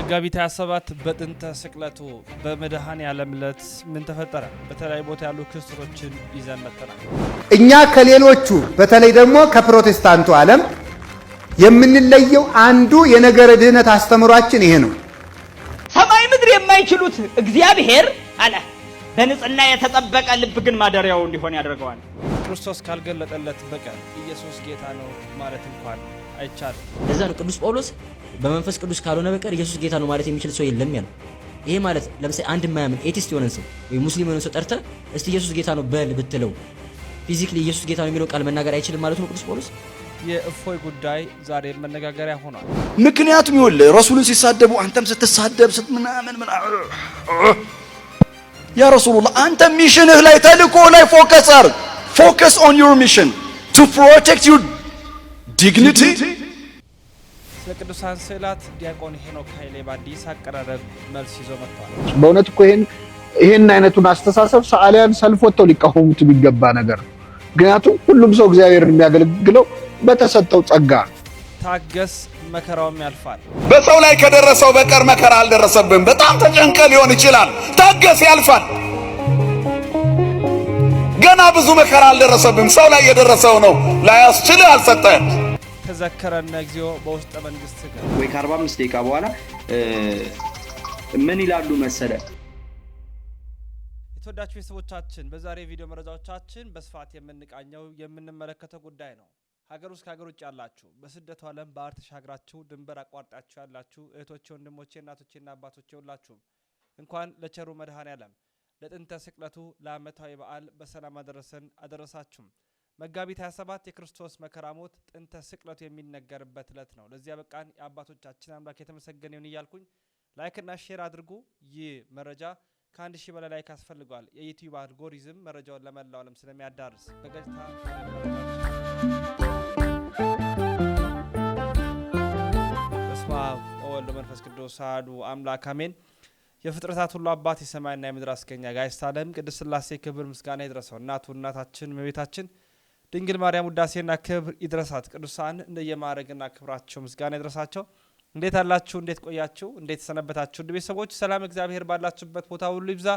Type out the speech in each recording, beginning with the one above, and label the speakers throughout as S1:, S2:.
S1: መጋቢት 27 በጥንተ ስቅለቱ በመድኃኔ ዓለም ዕለት ምን ተፈጠረ? በተለያዩ ቦታ ያሉ ክስተቶችን ይዘን መጥተናል።
S2: እኛ ከሌሎቹ በተለይ ደግሞ ከፕሮቴስታንቱ ዓለም የምንለየው አንዱ የነገረ ድህነት አስተምሯችን ይሄ ነው።
S3: ሰማይ ምድር የማይችሉት እግዚአብሔር አለ በንጽህና የተጠበቀ ልብ ግን ማደሪያው እንዲሆን ያደርገዋል።
S1: ክርስቶስ ካልገለጠለት በቀር ኢየሱስ ጌታ ነው ማለት እንኳን አይቻልም።
S4: ለዛ ነው ቅዱስ ጳውሎስ በመንፈስ ቅዱስ ካልሆነ በቀር ኢየሱስ ጌታ ነው ማለት የሚችል ሰው የለም ያለው። ይሄ ማለት ለምሳሌ አንድ የማያምን ኤቲስት የሆነን ሰው ወይ ሙስሊም የሆነን ሰው ጠርተ እስቲ ኢየሱስ ጌታ ነው በል ብትለው ፊዚክሊ ኢየሱስ ጌታ ነው የሚለው ቃል መናገር አይችልም ማለት ነው ቅዱስ ጳውሎስ።
S1: የእፎይ ጉዳይ ዛሬ መነጋገሪያ ሆኗል።
S2: ምክንያቱም ይወል ረሱሉን ሲሳደቡ አንተም ስትሳደብ ስትምናምን ምን ያ ረሱሉላህ አንተ ሚሽንህ ላይ ተልእኮ ላይ ፎከስ አርግ። ፎከስ ኦን ዩር ሚሽን ቱ ፕሮቴክት ዩር ዲግኒቲ
S1: ለቅዱሳን ስዕላት ዲያቆን ሄኖክ ኃይሌ በአዲስ አቀራረብ መልስ ይዞ መጥቷል።
S2: በእውነት እኮ ይሄን ይሄን አይነቱን አስተሳሰብ ሰዓሊያን ሰልፍ ወጥተው ሊቃወሙት የሚገባ ነገር ነው። ምክንያቱም ሁሉም ሰው እግዚአብሔርን የሚያገለግለው በተሰጠው ጸጋ
S1: ታገስ፣ መከራውም ያልፋል።
S2: በሰው ላይ ከደረሰው በቀር መከራ አልደረሰብም። በጣም ተጨንቀ ሊሆን ይችላል። ታገስ፣ ያልፋል። ገና ብዙ መከራ አልደረሰብም። ሰው ላይ የደረሰው ነው ላያስችልህ አልሰጠህም።
S1: ተዘከረና እግዚኦ በውስጠ መንግስት
S4: ወይ ከ45 ደቂቃ በኋላ
S2: ምን ይላሉ መሰለ
S1: የተወዳችሁ ቤተሰቦቻችን በዛሬ ቪዲዮ መረጃዎቻችን በስፋት የምንቃኘው የምንመለከተው ጉዳይ ነው። ሀገር ውስጥ ከሀገር ውጭ ያላችሁ በስደቱ ዓለም ባህር ተሻግራችሁ ድንበር አቋርጣችሁ ያላችሁ እህቶቼ፣ ወንድሞቼ፣ እናቶቼና አባቶቼ ሁላችሁም እንኳን ለቸሩ መድኃኔ ዓለም ለጥንተ ስቅለቱ ለአመታዊ በዓል በሰላም አደረሰን አደረሳችሁም። መጋቢት 27 የክርስቶስ መከራ ሞት፣ ጥንተ ስቅለቱ የሚነገርበት ዕለት ነው። ለዚያ በቃን የአባቶቻችን አምላክ የተመሰገነ ይሁን እያልኩኝ ላይክና ሼር አድርጉ። ይህ መረጃ ከአንድ ሺህ በላይ ላይክ አስፈልገዋል። የዩቲዩብ አልጎሪዝም መረጃውን ለመላው ዓለም ስለሚያዳርስ በገጽታ በስመ አብ ወወልድ ወመንፈስ ቅዱስ አሐዱ አምላክ አሜን። የፍጥረታት ሁሉ አባት የሰማይና የምድር አስገኛ ጋይስታለም ቅድስት ስላሴ ክብር ምስጋና ይድረሰው። እናቱ እናታችን እመቤታችን ድንግል ማርያም ውዳሴና ክብር ይድረሳት። ቅዱሳን እንደየማዕረግና ክብራቸው ምስጋና ይድረሳቸው። እንዴት አላችሁ? እንዴት ቆያችሁ? እንዴት ሰነበታችሁ? እንደ ቤተሰቦች ሰላም እግዚአብሔር ባላችሁበት ቦታ ሁሉ ይብዛ።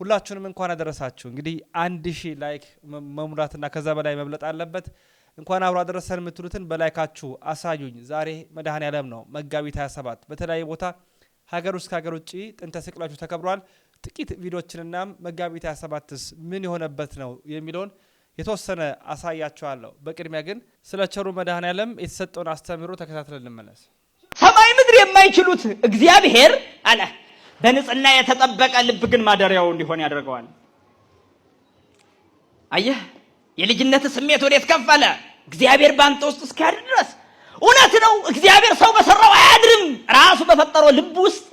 S1: ሁላችሁንም እንኳን አደረሳችሁ። እንግዲህ አንድ ሺህ ላይክ መሙላትና ከዛ በላይ መብለጥ አለበት። እንኳን አብሮ አደረሰን የምትሉትን በላይካችሁ አሳዩኝ። ዛሬ መድኃኔ ዓለም ነው መጋቢት 27 በተለያየ ቦታ ሀገር ውስጥ ከሀገር ውጭ ጥንተ ስቅላችሁ ተከብሯል። ጥቂት ቪዲዮችንና መጋቢት 27ስ ምን የሆነበት ነው የሚለውን የተወሰነ አሳያችኋለሁ። በቅድሚያ ግን ስለ ቸሩ መድኃኔዓለም የተሰጠውን አስተምህሮ ተከታትለን እንመለስ።
S3: ሰማይ ምድር የማይችሉት እግዚአብሔር አለ በንጽህና የተጠበቀ ልብ ግን ማደሪያው እንዲሆን ያደርገዋል። አየህ፣ የልጅነት ስሜት ወዴት ከፍ እግዚአብሔር በአንተ ውስጥ እስኪያድር ድረስ። እውነት ነው፣ እግዚአብሔር ሰው በሰራው አያድርም። ራሱ በፈጠረው ልብ ውስጥ፣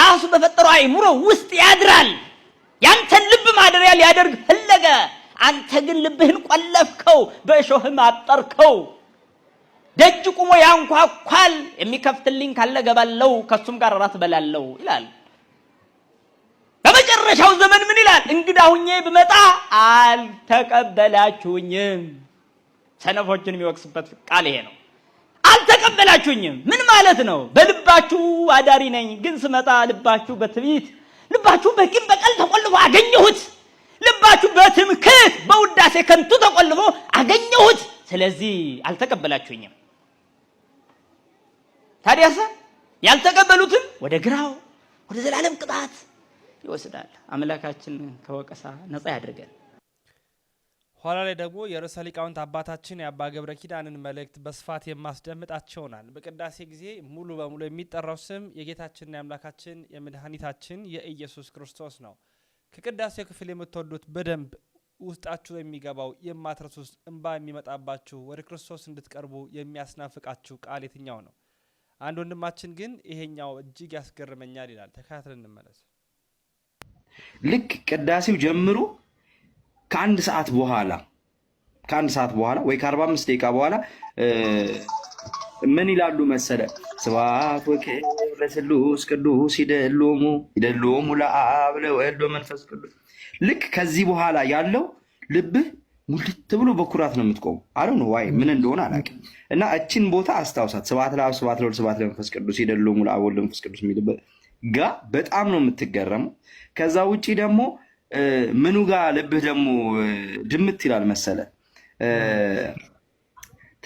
S3: ራሱ በፈጠረው አይምሮ ውስጥ ያድራል። ያንተን ልብ ማደሪያ ሊያደርግ ፈለገ። አንተ ግን ልብህን ቆለፍከው፣ በእሾህም አጠርከው። ደጅ ቁሞ ያንኳኳል፣ የሚከፍትልኝ ካለ ገባለው፣ ከሱም ጋር እራት በላለው ይላል። በመጨረሻው ዘመን ምን ይላል? እንግዳ ሁኜ ብመጣ አልተቀበላችሁኝም። ሰነፎችን የሚወቅስበት ቃል ይሄ ነው። አልተቀበላችሁኝም ምን ማለት ነው? በልባችሁ አዳሪ ነኝ፣ ግን ስመጣ ልባችሁ በትዕቢት ልባችሁ በቂም በቀል ተቆልፎ አገኘሁት። ልባችሁ በትምክህት በውዳሴ ከንቱ ተቆልፎ አገኘሁት፣ ስለዚህ አልተቀበላችሁኝም። ታዲያ ያልተቀበሉትም ወደ ግራው ወደ ዘላለም ቅጣት ይወስዳል። አምላካችን ከወቀሳ ነጻ ያድርገን።
S1: ኋላ ላይ ደግሞ የርዕሰ ሊቃውንት አባታችን የአባ ገብረ ኪዳንን መልእክት በስፋት የማስደምጣቸው ናል። በቅዳሴ ጊዜ ሙሉ በሙሉ የሚጠራው ስም የጌታችንና የአምላካችን የመድኃኒታችን የኢየሱስ ክርስቶስ ነው። ከቅዳሴው ክፍል የምትወዱት በደንብ ውስጣችሁ የሚገባው የማትረሱት እንባ የሚመጣባችሁ ወደ ክርስቶስ እንድትቀርቡ የሚያስናፍቃችሁ ቃል የትኛው ነው? አንድ ወንድማችን ግን ይሄኛው እጅግ ያስገርመኛል ይላል። ተከታትለን እንመለስ።
S2: ልክ ቅዳሴው ጀምሮ ከአንድ ሰዓት በኋላ ከአንድ ሰዓት በኋላ ወይ ከአርባ አምስት ደቂቃ በኋላ ምን ይላሉ መሰለ? ስብሐት ወክብር ለስሉስ ቅዱስ ይደሎሙ ይደሎሙ ለአብ ለወልድ መንፈስ ቅዱስ። ልክ ከዚህ በኋላ ያለው ልብህ ሙልት ብሎ በኩራት ነው የምትቆሙ። አለ ነው ዋይ ምን እንደሆነ አላውቅም። እና እችን ቦታ አስታውሳት። ስብሐት ለአብ ስብሐት ለወልድ ስብሐት ለመንፈስ ቅዱስ ይደሎሙ ለአብ ወልድ መንፈስ ቅዱስ የሚልበት ጋ በጣም ነው የምትገረሙ። ከዛ ውጭ ደግሞ ምኑ ጋ ልብህ ደግሞ ድምት ይላል መሰለ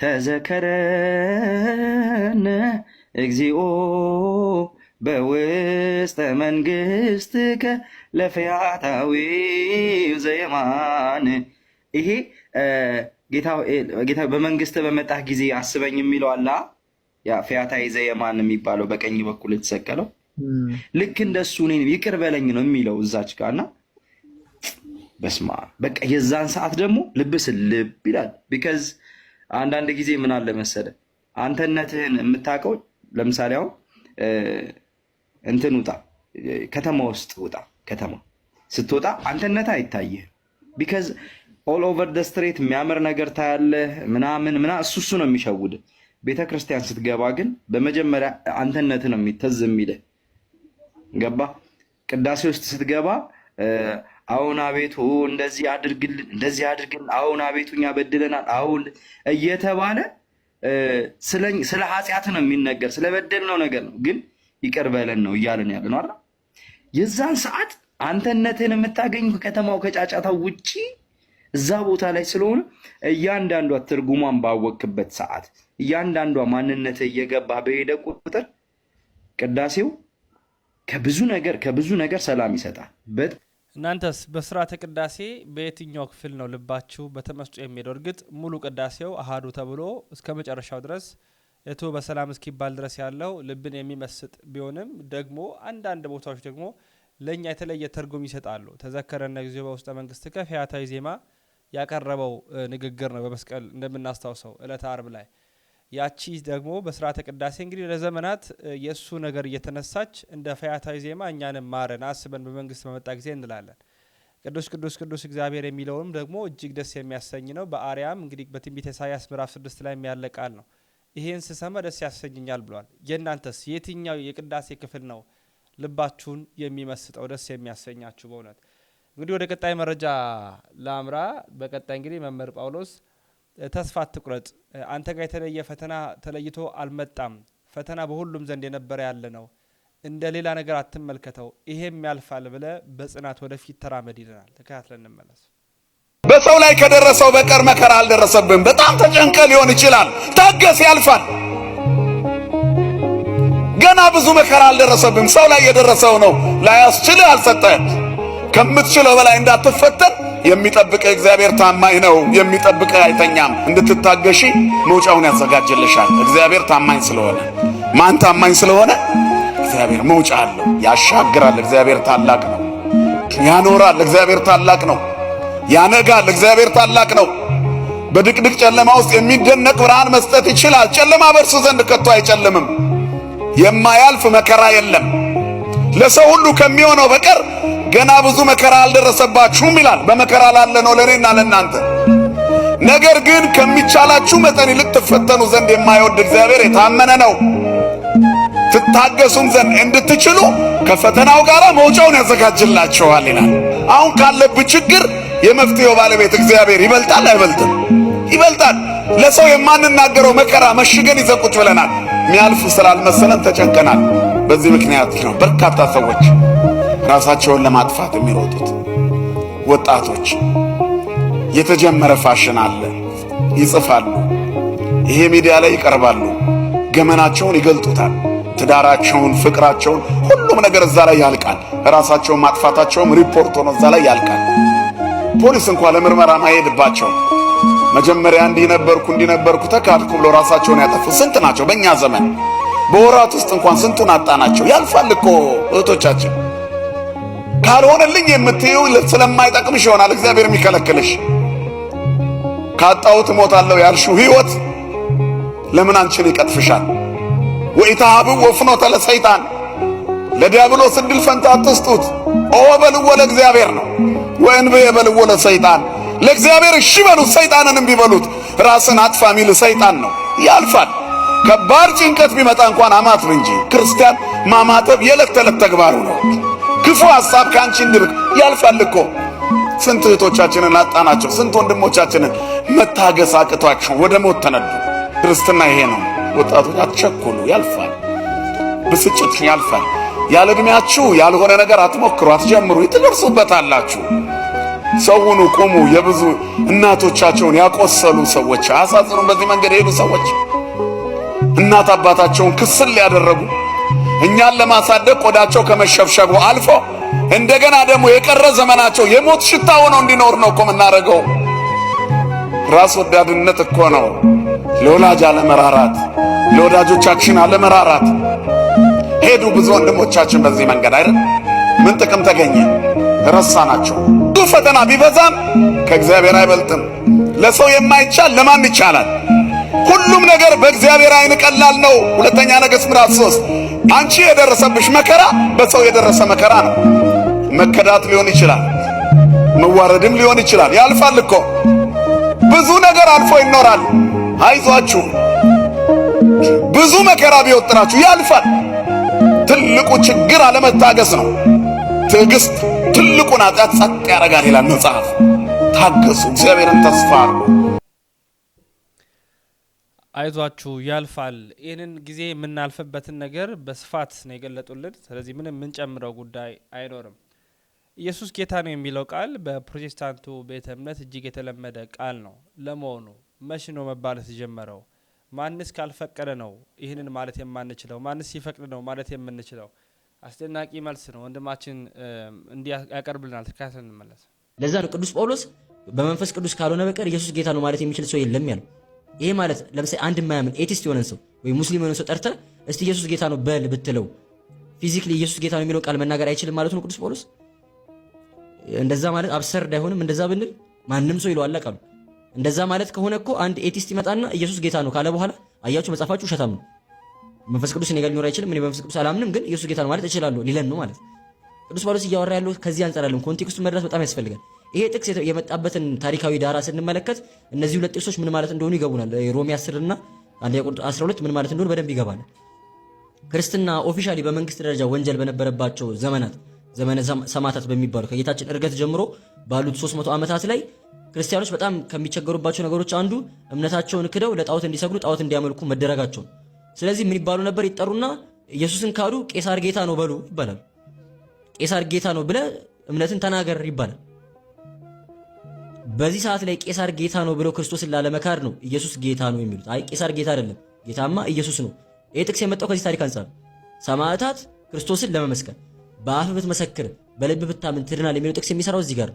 S2: ተዘከረነ እግዚኦ በውስተ መንግስትከ ለፈያታዊ ዘየማን። ይሄ ጌታ በመንግስት በመጣህ ጊዜ አስበኝ የሚለው አላ ያ ፈያታዊ ዘየማን የሚባለው በቀኝ በኩል የተሰቀለው ልክ እንደሱ እኔን ይቅር በለኝ ነው የሚለው እዛች ጋር እና በስማ በቃ የዛን ሰዓት ደግሞ ልብስ ልብ ይላል ቢከዝ አንዳንድ ጊዜ ምን አለ መሰለ አንተነትህን የምታውቀው ለምሳሌ አሁን እንትን ውጣ ከተማ ውስጥ ውጣ ከተማ ስትወጣ አንተነት አይታይህ። ቢካዝ ኦል ኦቨር ደ ስትሬት የሚያምር ነገር ታያለህ ምናምን ምና እሱ እሱ ነው የሚሸውድ። ቤተ ክርስቲያን ስትገባ ግን በመጀመሪያ አንተነት ነው የሚተዝ የሚልህ ገባ ቅዳሴ ውስጥ ስትገባ አሁን አቤቱ እንደዚህ አድርግልን፣ እንደዚህ አድርግልን፣ አሁን አቤቱ እኛ በድለናል፣ አሁን እየተባለ ስለ ኃጢአት ነው የሚነገር፣ ስለበደልነው ነገር ነው። ግን ይቅር በለን ነው እያለን ያለ ነው። የዛን ሰዓት አንተነትህን የምታገኝ ከከተማው ከጫጫታው ውጪ እዛ ቦታ ላይ ስለሆነ እያንዳንዷ ትርጉሟን ባወቅበት ሰዓት እያንዳንዷ ማንነትህ እየገባ በሄደ ቁጥር ቅዳሴው ከብዙ ነገር ከብዙ ነገር ሰላም ይሰጣል።
S1: እናንተስ በስርዓተ ቅዳሴ በየትኛው ክፍል ነው ልባችሁ በተመስጦ የሚሄደው? እርግጥ ሙሉ ቅዳሴው አሃዱ ተብሎ እስከ መጨረሻው ድረስ እቶ በሰላም እስኪባል ድረስ ያለው ልብን የሚመስጥ ቢሆንም ደግሞ አንዳንድ ቦታዎች ደግሞ ለእኛ የተለየ ትርጉም ይሰጣሉ። ተዘከረነ ጊዜ በውስጠ መንግስት ከ ዜማ ያቀረበው ንግግር ነው። በመስቀል እንደምናስታውሰው እለተ አርብ ላይ ያቺ ደግሞ በስርዓተ ቅዳሴ እንግዲህ ለዘመናት የእሱ ነገር እየተነሳች እንደ ፈያታዊ ዜማ እኛንም ማረን አስበን በመንግስት በመጣ ጊዜ እንላለን። ቅዱስ ቅዱስ ቅዱስ እግዚአብሔር የሚለውንም ደግሞ እጅግ ደስ የሚያሰኝ ነው። በአርያም እንግዲህ በትንቢት ኢሳያስ ምዕራፍ ስድስት ላይ ያለ ቃል ነው። ይሄን ስሰማ ደስ ያሰኝኛል ብሏል። የእናንተስ የትኛው የቅዳሴ ክፍል ነው ልባችሁን የሚመስጠው ደስ የሚያሰኛችሁ? በእውነት እንግዲህ ወደ ቀጣይ መረጃ ላምራ። በቀጣይ እንግዲህ መምህር ጳውሎስ ተስፋ አትቁረጥ አንተ ጋር የተለየ ፈተና ተለይቶ አልመጣም። ፈተና በሁሉም ዘንድ የነበረ ያለ ነው። እንደ ሌላ ነገር አትመልከተው፣ ይሄም ያልፋል ብለ በጽናት ወደፊት ተራመድ ይለናል። ተከታትለን
S2: እንመለስ። በሰው ላይ ከደረሰው በቀር መከራ አልደረሰብም። በጣም ተጨንቀ ሊሆን ይችላል። ታገስ፣ ያልፋል። ገና ብዙ መከራ አልደረሰብም። ሰው ላይ የደረሰው ነው ላያስችልህ አልሰጠህም። ከምትችለው በላይ እንዳትፈተን የሚጠብቀ እግዚአብሔር ታማኝ ነው፣ የሚጠብቀ አይተኛም። እንድትታገሺ መውጫውን ያዘጋጅልሻል። እግዚአብሔር ታማኝ ስለሆነ ማን ታማኝ ስለሆነ እግዚአብሔር መውጫ አለው። ያሻግራል፣ እግዚአብሔር ታላቅ ነው። ያኖራል፣ እግዚአብሔር ታላቅ ነው። ያነጋል፣ እግዚአብሔር ታላቅ ነው። በድቅድቅ ጨለማ ውስጥ የሚደነቅ ብርሃን መስጠት ይችላል። ጨለማ በእርሱ ዘንድ ከቶ አይጨልምም። የማያልፍ መከራ የለም ለሰው ሁሉ ከሚሆነው በቀር ገና ብዙ መከራ አልደረሰባችሁም ይላል። በመከራ ላለ ነው ለእኔና ለእናንተ። ነገር ግን ከሚቻላችሁ መጠን ይልቅ ትፈተኑ ዘንድ የማይወድ እግዚአብሔር የታመነ ነው። ትታገሱም ዘንድ እንድትችሉ ከፈተናው ጋር መውጫውን ያዘጋጅላችኋል ይላል። አሁን ካለብህ ችግር የመፍትሄው ባለቤት እግዚአብሔር ይበልጣል። አይበልጥም? ይበልጣል። ለሰው የማንናገረው መከራ መሽገን ይዘቁት ብለናል። የሚያልፍ ስላልመሰለን ተጨንቀናል። በዚህ ምክንያት ነው በርካታ ሰዎች ራሳቸውን ለማጥፋት የሚሮጡት ወጣቶች። የተጀመረ ፋሽን አለ፣ ይጽፋሉ፣ ይሄ ሚዲያ ላይ ይቀርባሉ፣ ገመናቸውን ይገልጡታል፣ ትዳራቸውን፣ ፍቅራቸውን፣ ሁሉም ነገር እዛ ላይ ያልቃል። ራሳቸውን ማጥፋታቸውም ሪፖርት ሆኖ እዛ ላይ ያልቃል። ፖሊስ እንኳ ለምርመራ ማሄድባቸው መጀመሪያ እንዲነበርኩ እንዲነበርኩ ተካድኩ ብሎ ራሳቸውን ያጠፉ ስንት ናቸው? በእኛ ዘመን በወራት ውስጥ እንኳን ስንቱን አጣናቸው። ያልፋል እኮ እህቶቻችን። ካልሆነልኝ የምትይው ስለማይጠቅምሽ ይሆናል እግዚአብሔር የሚከለክልሽ። ካጣሁት እሞታለሁ ያልሽው ሕይወት ለምን አንቺን ይቀጥፍሻል? ወኢታሃብ ወፍኖተ ለሰይጣን ለዲያብሎስ እድል ፈንታ አትስጡት። ኦ በልዎ ለእግዚአብሔር ነው። ወእንብየ በልዎ ለሰይጣን ለእግዚአብሔር እሺ በሉት፣ ሰይጣንንም ቢበሉት ራስን አጥፋ ሚል ሰይጣን ነው። ያልፋል። ከባድ ጭንቀት ቢመጣ እንኳን አማትብ እንጂ ክርስቲያን ማማተብ የዕለት ተዕለት ተግባሩ ነው። ክፉ ሐሳብ ከአንቺ እንድርቅ ያልፋል እኮ። ስንት እህቶቻችንን አጣናቸው። ስንት ወንድሞቻችንን መታገስ አቅቷቸው ወደ ሞት ተነዱ። ክርስትና ይሄ ነው። ወጣቶች አትቸኩሉ፣ ያልፋል። ብስጭት ያልፋል። ያለ ያልሆነ ነገር አትሞክሩ፣ አትጀምሩ። ትደርሱበታላችሁ። ሰውኑ፣ ቁሙ። የብዙ እናቶቻቸውን ያቆሰሉ ሰዎች አሳዝኑ። በዚህ መንገድ የሄዱ ሰዎች እናት አባታቸውን ክስል ያደረጉ እኛን ለማሳደግ ቆዳቸው ከመሸብሸቡ አልፎ እንደገና ደግሞ የቀረ ዘመናቸው የሞት ሽታ ሆነው እንዲኖር ነው እኮ የምናደርገው። ራስ ወዳድነት እኮ ነው ለወላጅ አለመራራት፣ ለወዳጆቻችን አለመራራት። ሄዱ ብዙ ወንድሞቻችን በዚህ መንገድ አይደል? ምን ጥቅም ተገኘ? ረሳናቸው። ብዙ ፈተና ቢበዛም ከእግዚአብሔር አይበልጥም። ለሰው የማይቻል ለማን ይቻላል? ሁሉም ነገር በእግዚአብሔር አይን ቀላል ነው። ሁለተኛ ነገሥት ምዕራፍ 3 አንቺ የደረሰብሽ መከራ በሰው የደረሰ መከራ ነው። መከዳት ሊሆን ይችላል፣ መዋረድም ሊሆን ይችላል። ያልፋል እኮ ብዙ ነገር አልፎ ይኖራል። አይዟችሁ፣ ብዙ መከራ ቢወጥራችሁ ያልፋል። ትልቁ ችግር አለመታገስ ነው። ትዕግስት ትልቁን ኃጢአት ጸጥ ያደርጋል ይላል መጽሐፍ። ታገሱ፣ እግዚአብሔርን ተስፋ አድርጉ።
S1: አይዟችሁ ያልፋል። ይህንን ጊዜ የምናልፍበትን ነገር በስፋት ነው የገለጡልን። ስለዚህ ምንም የምንጨምረው ጉዳይ አይኖርም። ኢየሱስ ጌታ ነው የሚለው ቃል በፕሮቴስታንቱ ቤተ እምነት እጅግ የተለመደ ቃል ነው። ለመሆኑ መቼ ነው መባለት የጀመረው? ማንስ ካልፈቀደ ነው ይህንን ማለት የማንችለው? ማንስ ሲፈቅድ ነው ማለት የምንችለው? አስደናቂ መልስ ነው። ወንድማችን እንዲህ ያቀርብልናል። ትካት እንመለስ።
S4: ለዛ ነው ቅዱስ ጳውሎስ በመንፈስ ቅዱስ ካልሆነ በቀር ኢየሱስ ጌታ ነው ማለት የሚችል ሰው የለም ያለው። ይሄ ማለት ለምሳሌ አንድ የማያምን ኤቲስት የሆነን ሰው ወይ ሙስሊም የሆነን ሰው ጠርተ እስቲ ኢየሱስ ጌታ ነው በል ብትለው ፊዚክሊ ኢየሱስ ጌታ ነው የሚለው ቃል መናገር አይችልም ማለት ነው ቅዱስ ጳውሎስ። እንደዛ ማለት አብሰርድ አይሆንም? እንደዛ ብንል ማንም ሰው ይለዋል ቃሉ። እንደዛ ማለት ከሆነ እኮ አንድ ኤቲስት ይመጣና ኢየሱስ ጌታ ነው ካለ በኋላ አያችሁ መጽሐፋችሁ ውሸታም ነው፣ መንፈስ ቅዱስ እኔ ጋር ሊኖር አይችልም፣ እኔ በመንፈስ ቅዱስ አላምንም፣ ግን ኢየሱስ ጌታ ነው ማለት እችላለሁ ሊለን ነው ማለት። ቅዱስ ጳውሎስ እያወራ ያለው ከዚህ አንጻር አለም ኮንቴክስቱ መረዳት በጣም ያስፈልጋል። ይሄ ጥቅስ የመጣበትን ታሪካዊ ዳራ ስንመለከት እነዚህ ሁለት ጥቅሶች ምን ማለት እንደሆኑ ይገቡናል። ሮሚ 10 እና 12 ምን ማለት እንደሆኑ በደንብ ይገባናል። ክርስትና ኦፊሻሊ በመንግስት ደረጃ ወንጀል በነበረባቸው ዘመናት ዘመነ ሰማዕታት በሚባሉ ከጌታችን እርገት ጀምሮ ባሉት 300 ዓመታት ላይ ክርስቲያኖች በጣም ከሚቸገሩባቸው ነገሮች አንዱ እምነታቸውን ክደው ለጣዖት እንዲሰግዱ፣ ጣዖት እንዲያመልኩ መደረጋቸው። ስለዚህ ምን ይባሉ ነበር? ይጠሩና ኢየሱስን ካዱ ቄሳር ጌታ ነው በሉ ይባላል። ቄሳር ጌታ ነው ብለ እምነትን ተናገር ይባላል። በዚህ ሰዓት ላይ ቄሳር ጌታ ነው ብለው ክርስቶስን ላለመካድ ነው ኢየሱስ ጌታ ነው የሚሉት። አይ ቄሳር ጌታ አይደለም፣ ጌታማ ኢየሱስ ነው። ይህ ጥቅስ የመጣው ከዚህ ታሪክ አንጻር ሰማዕታት ክርስቶስን ለመመስከር በአፍ ብትመሰክር በልብ ብታምን ትድናል የሚለው ጥቅስ የሚሰራው እዚህ ጋር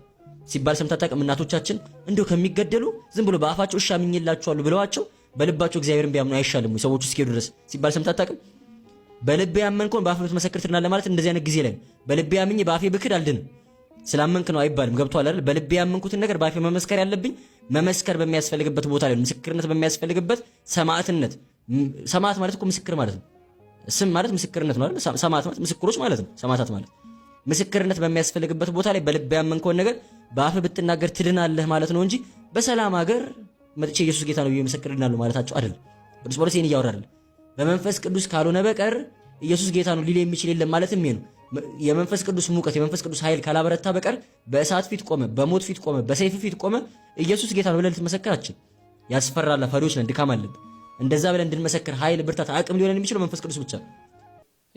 S4: ሲባል ሰምታታቅ እናቶቻችን እንዲሁ ከሚገደሉ ዝም ብሎ በአፋቸው እሺ አምኜላችኋለሁ ብለዋቸው በልባቸው እግዚአብሔርን ቢያምኑ አይሻልም ወይ ሰዎቹ እስኪሄዱ ድረስ ሲባል ሰምታታቅም በልብ ያመንከውን በአፍ ብትመሰክር ትድናል ለማለት እንደዚህ አይነት ጊዜ ላይ በልብ ያምኜ በአፌ ብክድ አልድንም ስላመንክ ነው አይባልም። ገብቷል አይደል? በልቤ ያመንኩትን ነገር በአፌ መመስከር ያለብኝ መመስከር በሚያስፈልግበት ቦታ ላይ ምስክርነት በሚያስፈልግበት ሰማዕትነት። ሰማዕት ማለት እኮ ምስክር ማለት ነው። ስም ማለት ምስክርነት ነው አይደል? ሰማዕት ማለት ምስክሮች ማለት ነው። ሰማዕታት ማለት ምስክርነት በሚያስፈልግበት ቦታ ላይ በልቤ ያመንከውን ነገር በአፍ ብትናገር ትድናለህ ማለት ነው እንጂ በሰላም ሀገር መጥቼ ኢየሱስ ጌታ ነው ብዬ ምስክር ድናለሁ ማለታቸው አይደለም። ቅዱስ ጳውሎስ ይህን እያወራ አይደለም። በመንፈስ ቅዱስ ካልሆነ በቀር ኢየሱስ ጌታ ነው ሊል የሚችል የለም ማለትም ይሄ ነው። የመንፈስ ቅዱስ ሙቀት የመንፈስ ቅዱስ ኃይል ካላበረታ በቀር በእሳት ፊት ቆመ፣ በሞት ፊት ቆመ፣ በሰይፍ ፊት ቆመ ኢየሱስ ጌታ ነው ብለን ልትመሰክራችን ያስፈራላ። ፈሪዎች ነን፣ ድካም አለብን። እንደዛ ብለን እንድንመሰክር ኃይል፣ ብርታት፣ አቅም ሊሆነን የሚችለው መንፈስ ቅዱስ ብቻ ነው።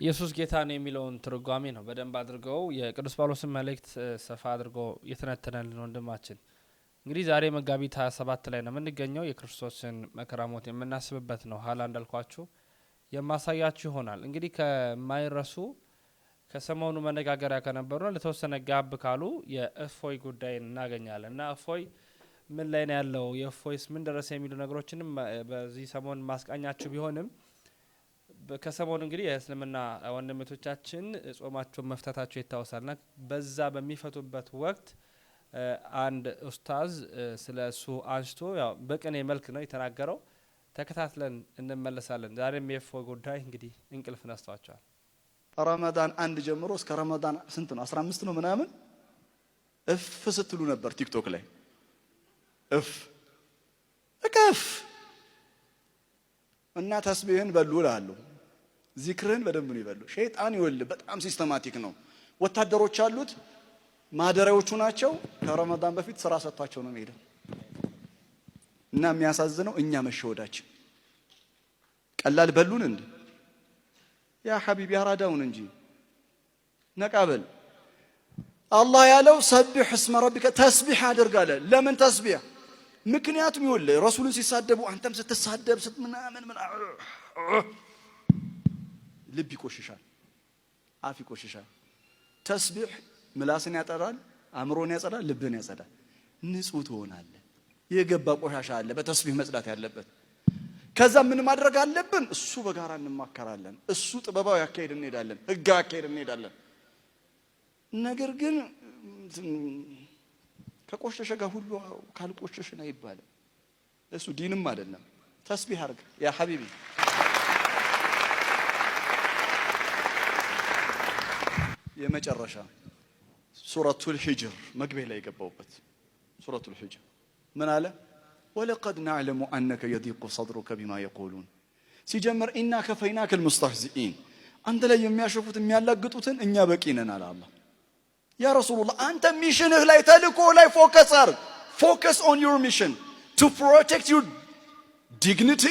S1: ኢየሱስ ጌታ ነው የሚለውን ትርጓሜ ነው በደንብ አድርገው የቅዱስ ጳውሎስን መልእክት ሰፋ አድርገው የተነተነልን ወንድማችን። እንግዲህ ዛሬ መጋቢት 27 ላይ ነው የምንገኘው። የክርስቶስን መከራ ሞት የምናስብበት ነው። ኋላ እንዳልኳችሁ የማሳያችሁ ይሆናል። እንግዲህ ከማይረሱ ከሰሞኑ መነጋገሪያ ከነበሩ ለተወሰነ ጋብ ካሉ የእፎይ ጉዳይ እናገኛለን እና እፎይ ምን ላይ ነው ያለው፣ የእፎይስ ምን ደረሰ የሚሉ ነገሮችንም በዚህ ሰሞን ማስቃኛችሁ ቢሆንም ከሰሞኑ እንግዲህ የእስልምና ወንድሜቶቻችን ጾማቸውን መፍታታቸው ና በዛ በሚፈቱበት ወቅት አንድ ኡስታዝ ስለ እሱ አንስቶ ያው በቅኔ መልክ ነው የተናገረው። ተከታትለን እንመለሳለን። ዛሬም የእፎይ ጉዳይ እንግዲህ እንቅልፍ ነስቷቸዋል።
S2: ረመዳን አንድ ጀምሮ እስከ ረመዳን ስንት ነው? 15 ነው ምናምን እፍ ስትሉ ነበር ቲክቶክ ላይ እፍ እከፍ እና ተስቢህን በሉ እላለሁ። ዚክርህን በደንብ ነው ይበሉ። ሸይጣን ይወል በጣም ሲስተማቲክ ነው። ወታደሮች አሉት ማደሪያዎቹ ናቸው። ከረመዳን በፊት ስራ ሰጥቷቸው ነው የሚሄደው። እና የሚያሳዝነው እኛ መሸወዳችን ቀላል በሉን እንዴ ያ ሐቢቢ አራዳውን እንጂ ነቃበል አላህ ያለው ሰቢሕ እስመ ረቢከ ተስቢሕ አድርግ ለምን ተስቢሕ? ምክንያቱም ይወለ ረሱሉን ሲሳደቡ አንተም ስትሳደብ ምናምን ልብ ይቆሽሻል፣ አፍ ይቆሽሻል። ተስቢሕ ምላስን ያጠራል፣ አእምሮን ያጸዳል፣ ልብን ያጸዳል። ንጹህ ትሆናለህ። የገባ ቆሻሻ አለ በተስቢሕ መጽዳት ያለበት ከዛ ምን ማድረግ አለብን? እሱ በጋራ እንማከራለን። እሱ ጥበባዊ አካሄድ እንሄዳለን፣ ህጋዊ አካሄድ እንሄዳለን። ነገር ግን ከቆሸሸ ጋር ሁሉ ካልቆሸሽን አይባልም። እሱ ዲንም አይደለም። ተስቢህ አርግ ያ ሐቢቢ የመጨረሻ ሱረቱል ሂጅር መግቢያ ላይ የገባውበት ሱረቱል ሂጅር ምን አለ? ወለቀድ ናዕለሙ አነከ የዲቁ ሰድሩከ ቢማ የቁሉን ሲጀምር ኢና ከፈይናከ ልሙስተህዚኢን አንተ ላይ የሚያሸፉት የሚያላግጡትን እኛ በቂ ነን አለ አላህ። ያ ረሱሉላህ አንተ ሚሽንህ ላይ ተልኮ ላይ ፎከስ አርግ። ፎከስ ኦን ዩር ሚሽን ቱ ፕሮቴክት ዩር ዲግኒቲ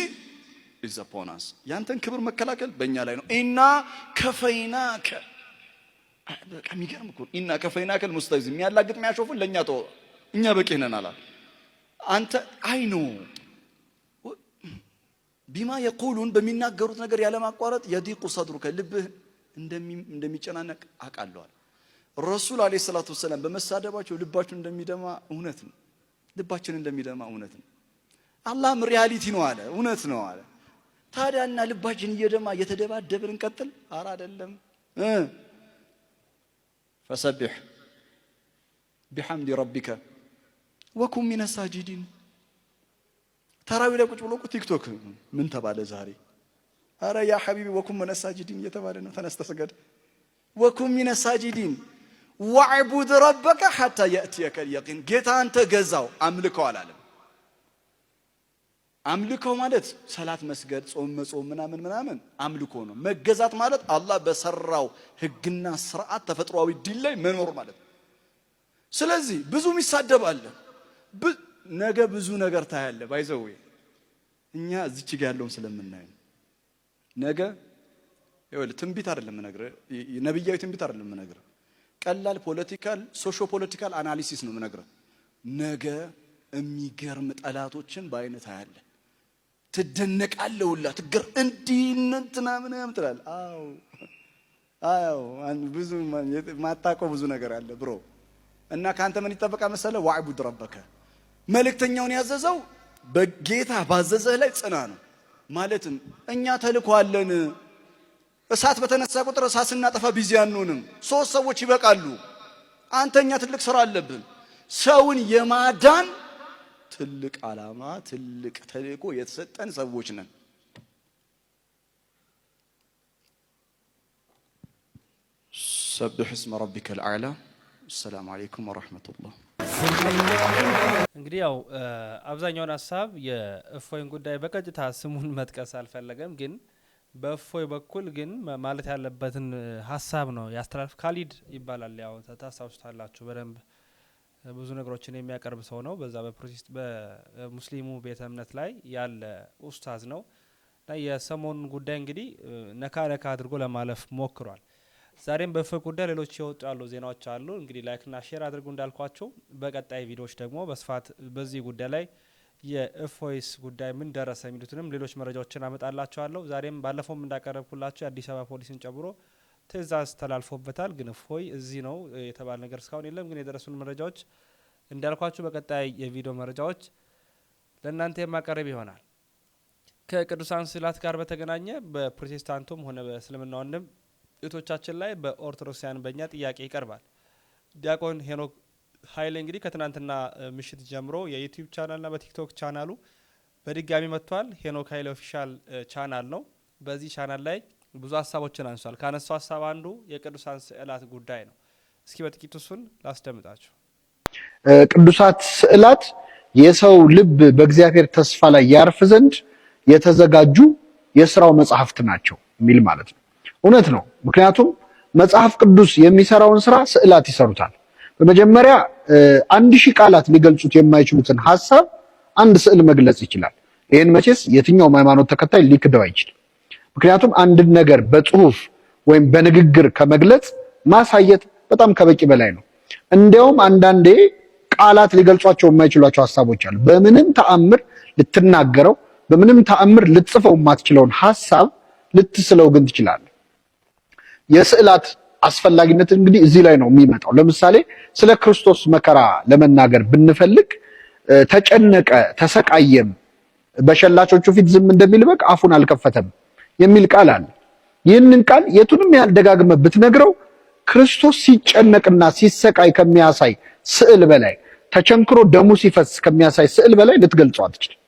S2: ኢዝ አፖን አስ። ያንተን ክብር መከላከል በእኛ ላይ ነው። ኢና ከፈይናከ በቃ የሚገርም እኮ ኢና ከፈይናከ ልሙስተህዚኢን የሚያላግጥ የሚያሸፉን ለእኛ እኛ በቂ ነን አላህ አንተ አይኑ ቢማ የቁሉን በሚናገሩት ነገር ያለማቋረጥ የዲቁ ሰድሩከ ልብህ እንደሚጨናነቅ አቃለዋል ረሱል አለ ሰላት ወሰላም በመሳደባቸው ልባችን እንደሚደማ እውነት ነው። ልባችን እንደሚደማ እውነት ነው። አላህም ሪያሊቲ ነው አለ፣ እውነት ነው አለ። ታዲያና ልባችን እየደማ እየተደባደብን እንቀጥል? አረ አይደለም። ፈሰቢሕ ቢሐምድ ረቢከ ወኩም ሚነ ሳጂዲን ተራዊ ላይ ቁጭ ብሎ ቲክቶክ ምን ተባለ ዛሬ? አረ ያ ሐቢቢ ወኩም ሚነ ሳጂዲን እየተባለ ነው። ተነስተ ስገድ። ወኩም ሚነ ሳጂዲን ወዕቡድ ረበከ ሐታ የእትየከ ልየቂን። ጌታ አንተ ገዛው አምልከው አላለም። አምልኮ ማለት ሰላት መስገድ፣ ጾም መጾም ምናምን ምናምን አምልኮ ነው። መገዛት ማለት አላህ በሰራው ህግና ስርዓት ተፈጥሯዊ ዲል ላይ መኖር ማለት ነው። ስለዚህ ብዙም ይሳደባል። ነገ ብዙ ነገር ታያለ። ባይዘው እኛ እዚች ጋ ያለውን ስለምናየ ነገ ይኸውልህ ትንቢት አይደለም የምነግርህ፣ ነብያዊ ትንቢት አይደለም የምነግርህ፣ ቀላል ፖለቲካል ሶሾ ፖለቲካል አናሊሲስ ነው የምነግርህ። ነገ የሚገርም ጠላቶችን በአይነት አያለ ትደነቃለህ፣ ትግር ትገር እንዲህ እንትና ምናምን ትላለህ። አዎ አዎ፣ ብዙ ማታውቀው ብዙ ነገር አለ ብሮ እና ካንተ ምን ይጠበቃል መሰለ ዋዕቡድ ረበከ መልእክተኛውን ያዘዘው በጌታ ባዘዘህ ላይ ጽና ነው። ማለትም እኛ ተልኮ አለን። እሳት በተነሳ ቁጥር እሳት ስናጠፋ ቢዚ አንሆንም። ሶስት ሰዎች ይበቃሉ። አንተኛ ትልቅ ስራ አለብን። ሰውን የማዳን ትልቅ ዓላማ፣ ትልቅ ተልእኮ የተሰጠን ሰዎች ነን። ሰብሕ እስመ ረቢከ ልአዕላ። አሰላሙ አለይኩም ወረሕመቱላህ
S1: እንግዲህ ያው አብዛኛውን ሀሳብ የእፎይን ጉዳይ በቀጥታ ስሙን መጥቀስ አልፈለገም፣ ግን በእፎይ በኩል ግን ማለት ያለበትን ሀሳብ ነው ያስተላልፍ። ካሊድ ይባላል፣ ያው ታስታውሱታላችሁ በደንብ ብዙ ነገሮችን የሚያቀርብ ሰው ነው። በዛ በፕሮቴስት በሙስሊሙ ቤተ እምነት ላይ ያለ ኡስታዝ ነው እና የሰሞኑን ጉዳይ እንግዲህ ነካ ነካ አድርጎ ለማለፍ ሞክሯል። ዛሬም በእፍቅ ጉዳይ ሌሎች የወጡ ያሉ ዜናዎች አሉ። እንግዲህ ላይክና ሼር አድርጉ እንዳልኳቸው፣ በቀጣይ ቪዲዮዎች ደግሞ በስፋት በዚህ ጉዳይ ላይ የእፎይስ ጉዳይ ምን ደረሰ የሚሉትንም ሌሎች መረጃዎችን አመጣላቸዋለሁ። ዛሬም ባለፈውም እንዳቀረብኩላቸው የአዲስ አበባ ፖሊስን ጨምሮ ትዕዛዝ ተላልፎበታል። ግን እፎይ እዚህ ነው የተባለ ነገር እስካሁን የለም። ግን የደረሱን መረጃዎች እንዳልኳችሁ በቀጣይ የቪዲዮ መረጃዎች ለእናንተ የማቀረብ ይሆናል። ከቅዱሳን ስዕላት ጋር በተገናኘ በፕሮቴስታንቱም ሆነ በእስልምና ወንድም እህቶቻችን ላይ በኦርቶዶክሳውያን በእኛ ጥያቄ ይቀርባል። ዲያቆን ሄኖክ ኃይሌ እንግዲህ ከትናንትና ምሽት ጀምሮ የዩቲዩብ ቻናልና በቲክቶክ ቻናሉ በድጋሚ መጥቷል። ሄኖክ ኃይሌ ኦፊሻል ቻናል ነው። በዚህ ቻናል ላይ ብዙ ሀሳቦችን አንሷል። ካነሳው ሀሳብ አንዱ የቅዱሳን ስዕላት ጉዳይ ነው። እስኪ በጥቂቱ እሱን ላስደምጣችሁ።
S2: ቅዱሳት ስዕላት የሰው ልብ በእግዚአብሔር ተስፋ ላይ ያርፍ ዘንድ የተዘጋጁ የስራው መጽሐፍት ናቸው የሚል ማለት ነው። እውነት ነው። ምክንያቱም መጽሐፍ ቅዱስ የሚሰራውን ስራ ስዕላት ይሰሩታል። በመጀመሪያ አንድ ሺህ ቃላት ሊገልጹት የማይችሉትን ሀሳብ አንድ ስዕል መግለጽ ይችላል። ይህን መቼስ የትኛውም ሃይማኖት ተከታይ ሊክደው አይችልም። ምክንያቱም አንድን ነገር በጽሁፍ ወይም በንግግር ከመግለጽ ማሳየት በጣም ከበቂ በላይ ነው። እንዲያውም አንዳንዴ ቃላት ሊገልጿቸው የማይችሏቸው ሀሳቦች አሉ። በምንም ተአምር ልትናገረው፣ በምንም ተአምር ልትጽፈው የማትችለውን ሀሳብ ልትስለው ግን ትችላለህ። የስዕላት አስፈላጊነት እንግዲህ እዚህ ላይ ነው የሚመጣው። ለምሳሌ ስለ ክርስቶስ መከራ ለመናገር ብንፈልግ ተጨነቀ፣ ተሰቃየም፣ በሸላቾቹ ፊት ዝም እንደሚል በግ አፉን አልከፈተም የሚል ቃል አለ። ይህንን ቃል የቱንም ያህል ደጋግመ ብትነግረው ክርስቶስ ሲጨነቅና ሲሰቃይ ከሚያሳይ ስዕል በላይ ተቸንክሮ ደሙ ሲፈስ ከሚያሳይ ስዕል በላይ ልትገልጸው አትችልም።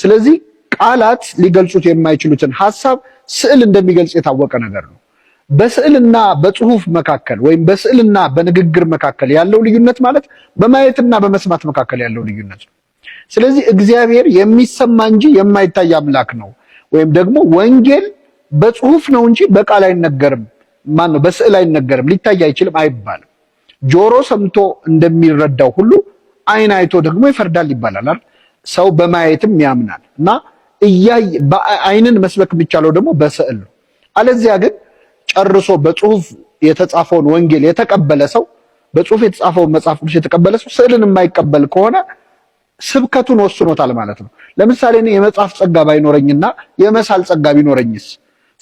S2: ስለዚህ ቃላት ሊገልጹት የማይችሉትን ሀሳብ ስዕል እንደሚገልጽ የታወቀ ነገር ነው። በስዕልና በጽሁፍ መካከል ወይም በስዕልና በንግግር መካከል ያለው ልዩነት ማለት በማየትና በመስማት መካከል ያለው ልዩነት ነው። ስለዚህ እግዚአብሔር የሚሰማ እንጂ የማይታይ አምላክ ነው። ወይም ደግሞ ወንጌል በጽሁፍ ነው እንጂ በቃል አይነገርም። ማን ነው? በስዕል አይነገርም፣ ሊታይ አይችልም አይባልም። ጆሮ ሰምቶ እንደሚረዳው ሁሉ አይን አይቶ ደግሞ ይፈርዳል ይባላል ሰው በማየትም ያምናል እና እያየ መስበክ የሚቻለው ደግሞ በስዕል ነው። አለዚያ ግን ጨርሶ በጽሁፍ የተጻፈውን ወንጌል የተቀበለ ሰው በጽሁፍ የተጻፈውን መጽሐፍ ቅዱስ የተቀበለ ሰው ስዕልን የማይቀበል ከሆነ ስብከቱን ወስኖታል ማለት ነው። ለምሳሌ እኔ የመጽሐፍ ጸጋ ባይኖረኝና የመሳል ጸጋ ቢኖረኝስ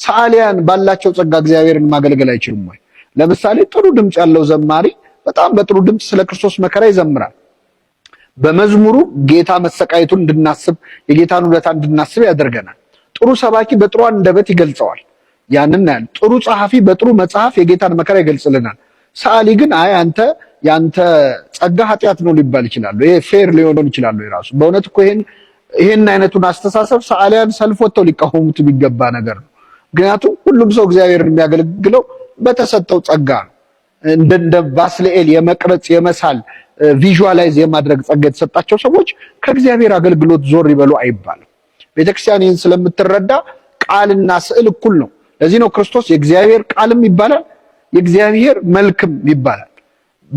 S2: ሰዓሊያን ባላቸው ጸጋ እግዚአብሔርን ማገልገል አይችልም ወይ? ለምሳሌ ጥሩ ድምፅ ያለው ዘማሪ በጣም በጥሩ ድምፅ ስለ ክርስቶስ መከራ ይዘምራል። በመዝሙሩ ጌታ መሰቃየቱን እንድናስብ የጌታን ውለታ እንድናስብ ያደርገናል። ጥሩ ሰባኪ በጥሩ አንደበት ይገልጸዋል። ያንን ያህል ጥሩ ጸሐፊ በጥሩ መጽሐፍ የጌታን መከራ ይገልጽልናል። ሰዓሊ ግን አይ አንተ ያንተ ጸጋ ኃጢአት ነው ሊባል ይችላሉ። ይሄ ፌር ሊሆን ይችላሉ። የራሱ በእውነት እኮ ይሄን ይሄን አይነቱን አስተሳሰብ ሰዓሊያን ሰልፍ ወጥተው ሊቃወሙት የሚገባ ነገር ነው። ምክንያቱም ሁሉም ሰው እግዚአብሔርን የሚያገለግለው በተሰጠው ጸጋ ነው። እንደ ባስልኤል የመቅረጽ የመሳል ቪዥዋላይዝ የማድረግ ጸጋ የተሰጣቸው ሰዎች ከእግዚአብሔር አገልግሎት ዞር ይበሉ አይባልም። ቤተክርስቲያን ይህን ስለምትረዳ ቃልና ስዕል እኩል ነው። ለዚህ ነው ክርስቶስ የእግዚአብሔር ቃልም ይባላል፣ የእግዚአብሔር መልክም ይባላል።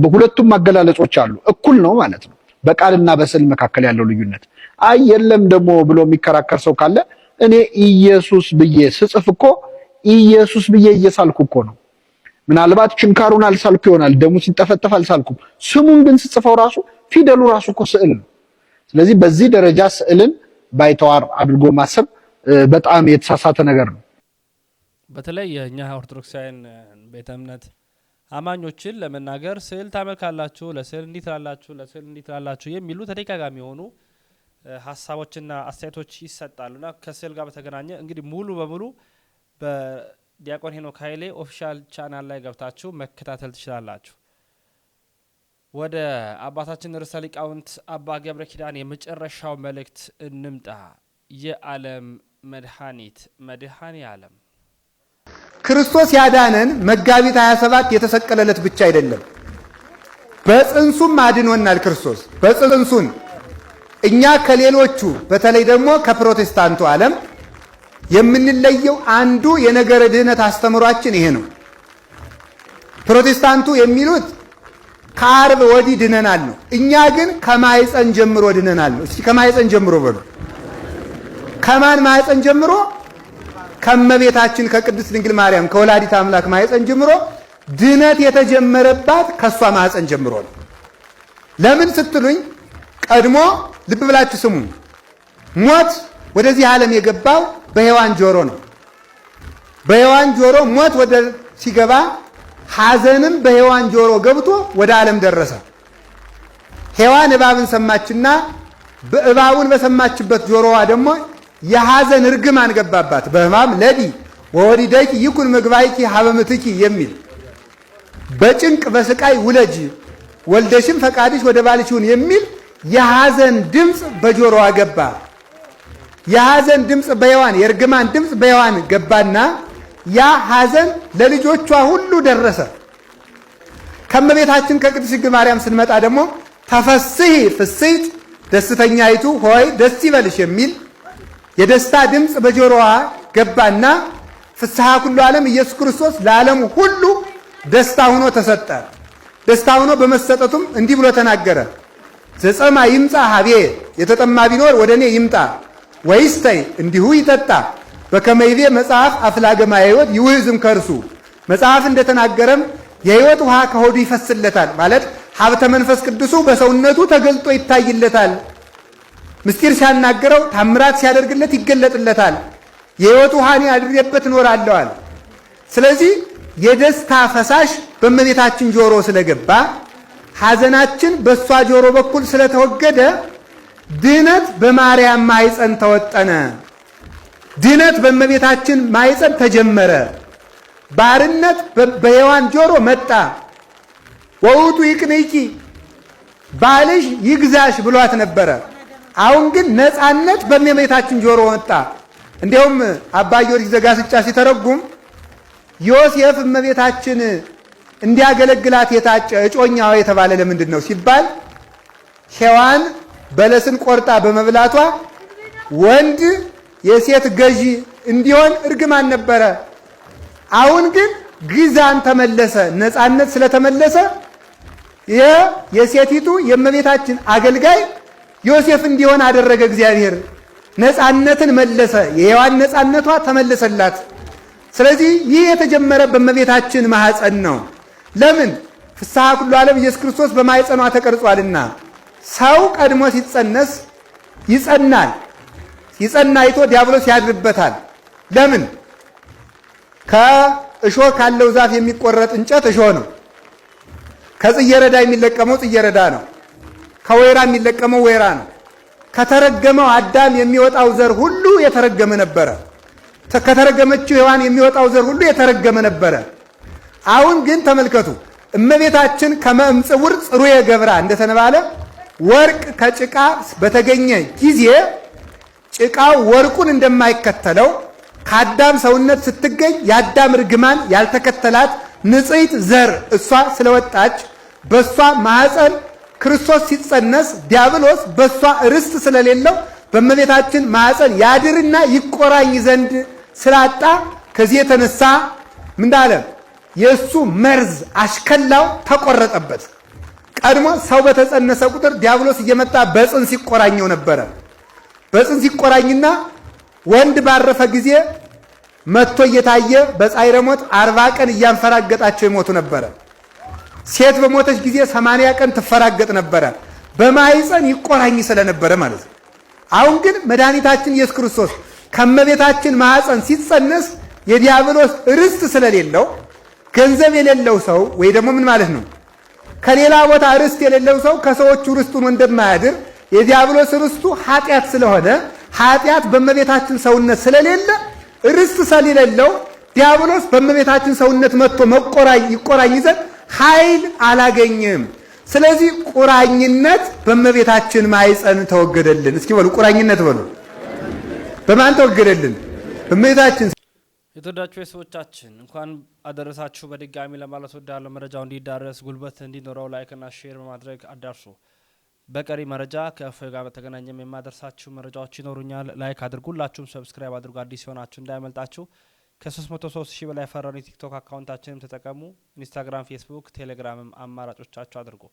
S2: በሁለቱም አገላለጾች አሉ። እኩል ነው ማለት ነው፣ በቃልና በስዕል መካከል ያለው ልዩነት። አይ የለም ደግሞ ብሎ የሚከራከር ሰው ካለ እኔ ኢየሱስ ብዬ ስጽፍ እኮ ኢየሱስ ብዬ እየሳልኩ እኮ ነው። ምናልባት ችንካሩን አልሳልኩ ይሆናል፣ ደሙ ሲንጠፈጠፍ አልሳልኩም። ስሙን ግን ስጽፈው ራሱ ፊደሉ ራሱ እኮ ስዕል ነው። ስለዚህ በዚህ ደረጃ ስዕልን ባይተዋር አድርጎ ማሰብ በጣም የተሳሳተ ነገር ነው።
S1: በተለይ የእኛ ኦርቶዶክሳውያን ቤተ እምነት አማኞችን ለመናገር ስዕል ታመልካላችሁ፣ ለስዕል እንዲህ ትላላችሁ፣ ለስዕል እንዲህ ትላላችሁ የሚሉ ተደጋጋሚ የሆኑ ሀሳቦችና አስተያየቶች ይሰጣሉና ከስዕል ጋር በተገናኘ እንግዲህ ሙሉ በሙሉ በዲያቆን ሄኖክ ኃይሌ ኦፊሻል ቻናል ላይ ገብታችሁ መከታተል ትችላላችሁ። ወደ አባታችን ርዕሰ ሊቃውንት አባ ገብረ ኪዳን የመጨረሻው መልእክት እንምጣ። የዓለም መድኃኒት መድኃኔ ዓለም
S2: ክርስቶስ ያዳነን መጋቢት 27 የተሰቀለለት ብቻ አይደለም፣ በጽንሱም አድኖናል። ክርስቶስ በጽንሱን እኛ ከሌሎቹ በተለይ ደግሞ ከፕሮቴስታንቱ ዓለም የምንለየው አንዱ የነገረ ድህነት አስተምሯችን ይሄ ነው። ፕሮቴስታንቱ የሚሉት ከአርብ ወዲህ ድነናል ነው። እኛ ግን ከማይፀን ጀምሮ ድነናል ነው። እስኪ ከማይፀን ጀምሮ በሉ። ከማን ማይፀን ጀምሮ? ከመቤታችን ከቅድስት ድንግል ማርያም ከወላዲት አምላክ ማህፀን ጀምሮ ድነት የተጀመረባት ከእሷ ማህፀን ጀምሮ ነው። ለምን ስትሉኝ ቀድሞ ልብ ብላችሁ ስሙ። ሞት ወደዚህ ዓለም የገባው በሔዋን ጆሮ ነው። በሔዋን ጆሮ ሞት ወደ ሲገባ ሐዘንም በሔዋን ጆሮ ገብቶ ወደ ዓለም ደረሰ። ሔዋን እባብን ሰማችና እባቡን በሰማችበት ጆሮዋ ደግሞ የሐዘን እርግም አንገባባት በህማም ለዲ ወወዲደኪ ይኩን ምግባይኪ ሀበምትኪ የሚል በጭንቅ በስቃይ ውለጅ ወልደሽም ፈቃድሽ ወደ ባልሽ የሚል የሐዘን ድምፅ በጆሮዋ ገባ። የሐዘን ድምፅ በሔዋን የእርግማን ድምፅ በሔዋን ገባና ያ ሐዘን ለልጆቿ ሁሉ ደረሰ። ከመቤታችን ከቅድስት ድንግል ማርያም ስንመጣ ደግሞ ተፈስሒ ፍስሕት ደስተኛይቱ ሆይ ደስ ይበልሽ የሚል የደስታ ድምፅ በጆሮዋ ገባና ፍስሐ ኩሉ ዓለም ኢየሱስ ክርስቶስ ለዓለም ሁሉ ደስታ ሆኖ ተሰጠ። ደስታ ሆኖ በመሰጠቱም እንዲህ ብሎ ተናገረ። ዘጸማ ይምጻ ሀቤ የተጠማ ቢኖር ወደ እኔ ይምጣ፣ ወይስተይ እንዲሁ ይጠጣ። በከመይቤ መጽሐፍ አፍላገማ የሕይወት ይውህዝም ከእርሱ መጽሐፍ እንደተናገረም የሕይወት ውሃ ከሆዱ ይፈስለታል ማለት ሀብተ መንፈስ ቅዱሱ በሰውነቱ ተገልጦ ይታይለታል ምስጢር ሲያናገረው ታምራት ሲያደርግለት ይገለጥለታል። የሕይወት ውሃኔ አድሬበት እኖራለዋል። ስለዚህ የደስታ ፈሳሽ በእመቤታችን ጆሮ ስለገባ ሐዘናችን በእሷ ጆሮ በኩል ስለተወገደ ድህነት በማርያም ማይፀን ተወጠነ። ድህነት በእመቤታችን ማይፀን ተጀመረ። ባርነት በሔዋን ጆሮ መጣ። ወውቱ ይቅንቂ ባልሽ ይግዛሽ ብሏት ነበረ። አሁን ግን ነፃነት በእመቤታችን ጆሮ ወጣ። እንዲያውም አባ ጊዮርጊስ ዘጋስጫ ሲተረጉም ዮሴፍ እመቤታችን እንዲያገለግላት የታጨ እጮኛዋ የተባለ ለምንድን ነው ሲባል ሔዋን በለስን ቆርጣ በመብላቷ ወንድ የሴት ገዢ እንዲሆን እርግማን ነበረ። አሁን ግን ግዛን ተመለሰ። ነፃነት ስለተመለሰ የሴቲቱ የእመቤታችን አገልጋይ ዮሴፍ እንዲሆን አደረገ እግዚአብሔር። ነፃነትን መለሰ። የሔዋን ነፃነቷ ተመለሰላት። ስለዚህ ይህ የተጀመረ በእመቤታችን ማኅፀን ነው። ለምን ፍስሐ ኩሉ ዓለም ኢየሱስ ክርስቶስ በማኅፀኗ ተቀርጿልና። ሰው ቀድሞ ሲጸነስ ይጸናል። ይጸና አይቶ ዲያብሎስ ያድርበታል። ለምን ከእሾህ ካለው ዛፍ የሚቆረጥ እንጨት እሾህ ነው። ከጽየረዳ የሚለቀመው ጽየረዳ ነው። ከወይራ የሚለቀመው ወይራ ነው። ከተረገመው አዳም የሚወጣው ዘር ሁሉ የተረገመ ነበረ። ከተረገመችው ሔዋን የሚወጣው ዘር ሁሉ የተረገመ ነበረ። አሁን ግን ተመልከቱ፣ እመቤታችን ከመእምጽውር ጽሩየ ገብራ እንደተነባለ ወርቅ ከጭቃ በተገኘ ጊዜ ጭቃው ወርቁን እንደማይከተለው ከአዳም ሰውነት ስትገኝ የአዳም ርግማን ያልተከተላት ንጽሕት ዘር እሷ ስለወጣች በእሷ ማኅፀን ክርስቶስ ሲጸነስ ዲያብሎስ በእሷ ርስት ስለሌለው በእመቤታችን ማዕፀን ያድርና ይቆራኝ ዘንድ ስላጣ ከዚህ የተነሳ ምንዳለ የእሱ መርዝ አሽከላው ተቆረጠበት። ቀድሞ ሰው በተጸነሰ ቁጥር ዲያብሎስ እየመጣ በፅን ሲቆራኘው ነበረ። በፅን ሲቆራኝና ወንድ ባረፈ ጊዜ መጥቶ እየታየ በጻይረ ሞት አርባ ቀን እያንፈራገጣቸው ይሞቱ ነበረ። ሴት በሞተች ጊዜ ሰማንያ ቀን ትፈራገጥ ነበረ። በማይፀን ይቆራኝ ስለነበረ ማለት ነው። አሁን ግን መድኃኒታችን ኢየሱስ ክርስቶስ ከመቤታችን ማዕፀን ሲጸነስ የዲያብሎስ ርስት ስለሌለው ገንዘብ የሌለው ሰው ወይ ደግሞ ምን ማለት ነው ከሌላ ቦታ ርስት የሌለው ሰው ከሰዎቹ ርስቱን እንደማያድር የዲያብሎስ ርስቱ ኃጢአት ስለሆነ ኃጢአት በመቤታችን ሰውነት ስለሌለ ርስት ስለሌለው ዲያብሎስ በእመቤታችን ሰውነት መጥቶ መቆራኝ ይቆራኝ ዘንድ ኃይል አላገኘም። ስለዚህ ቁራኝነት በእመቤታችን ማይፀን ተወገደልን። እስኪ በሉ ቁራኝነት በሉ። በማን ተወገደልን? በእመቤታችን። የተወዳችሁ የሰዎቻችን እንኳን አደረሳችሁ በድጋሚ ለማለት ወዳለው መረጃው እንዲዳረስ ጉልበት እንዲኖረው ላይክና ሼር በማድረግ አዳርሱ። በቀሪ መረጃ ከእፎይ ጋር በተገናኘም የማደርሳችሁ መረጃዎች ይኖሩኛል። ላይክ አድርጉላችሁም፣ ሰብስክራይብ አድርጉ። አዲስ ሲሆናችሁ እንዳይመልጣችሁ። ከ ሶስት ሺህ በላይ ያፈራውን የቲክቶክ አካውንታችንም ተጠቀሙ። ኢንስታግራም፣ ፌስቡክ፣ ቴሌግራምም አማራጮቻችሁ አድርጉ።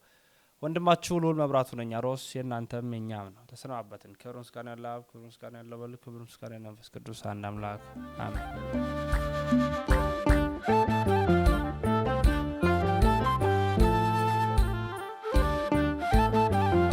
S2: ወንድማችሁ ልዑል መብራቱ ነኝ። ሮስ የእናንተም የኛም ነው። ተሰናበትን። ክብሩን ስጋን ያለ ክብሩን ስጋን ምስጋና ያለ በል፣ ክብር ምስጋና ያለ መንፈስ ቅዱስ አንድ አምላክ አሜን።